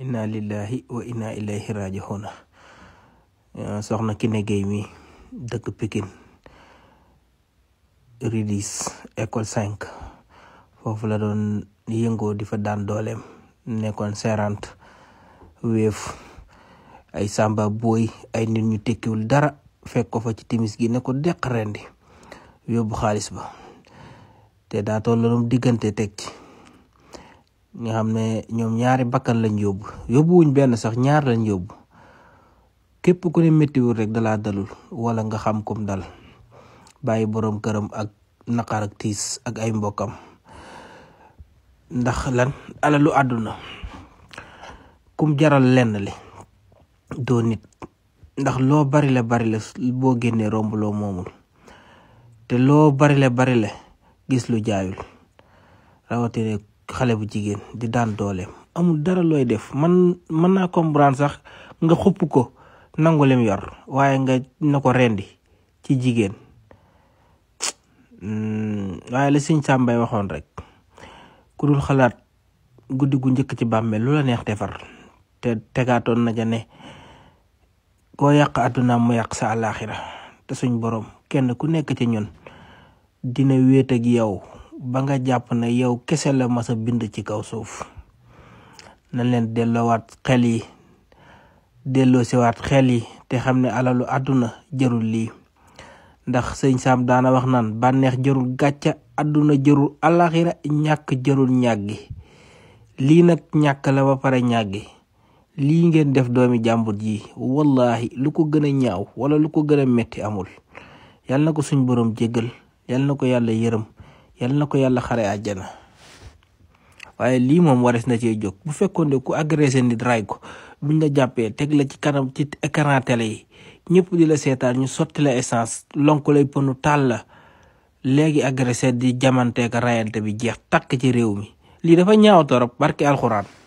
inna lillahi wa inna ilayhi raji'una soxna Kiné Gueye mi dëkk Pikine Ridis école cinq foofu la doon yëngoo di fa daan dooleem nekkoon serante wéef ay samba booy ay nit ñu tekkiwul dara fekk ko fa ci timis gi nekko ko deq rendi yóbbu xaalis ba te daa tolloon diggante teg ci nga xam ne ñoom ñaari bakkan lañ yóbbu yóbbuwuñ benn sax ñaar lañ yóbbu képp ku ne méttiwul rek dalaa dalul wala nga xam kum dal bàyyi boroom këram ak naqar ak tiis ak ay mbokkam ndax lan alalu àdduna kum jaral lenn li doo nit ndax loo bari la boo génnee romb loo moomul te loo barile la bari la gis lu jaayul rawatina xale bu jigéen di daan dooleem amul dara looy def man mën naa comprendre sax nga xupp ko nangu lim yor waaye nga na ko rendi ci jigéen hmm, waaye la sëñ Sàmbay waxoon rek ku dul xalaat guddi gu njëkk ci bàmmeel lu la neex defar te tegaatoon na ja ko koo yàq àdduna mu sa àllaaxira te suñ boroom kenn ku nekk ci ñun dina wéet ak yow ba nga jàpp ne yow kese la mas a bind ci kaw suuf nañ leen delloowaat xel yi delloo siwaat xel yi te xam ne alalu àdduna jarul lii ndax sëñ Saam daana wax naan bànneex jarul gàcca àdduna jarul alaxira ñàkk jarul ñàggi lii nag ñàkk la ba pare ñàggi lii ngeen def doomi jàmbur ji wallahi lu ko gën a ñaaw wala lu ko gën metti amul yàlla na ko suñ boroom jéggal yàlla na ko yàlla yërëm yal na ko yàlla xare àjjana waaye lii moom wares na cee jóg bu fekkoon ne ku agressé nit ray ko buñ la jàppee teg la ci kanam ci écran yi ñëpp di la seetaan ñu sotti la essence lonk lay pënu taal la léegi agressé di jamanteeg rayante bi jeex takk ci réew mi lii dafa ñaaw torop barki alxuraan.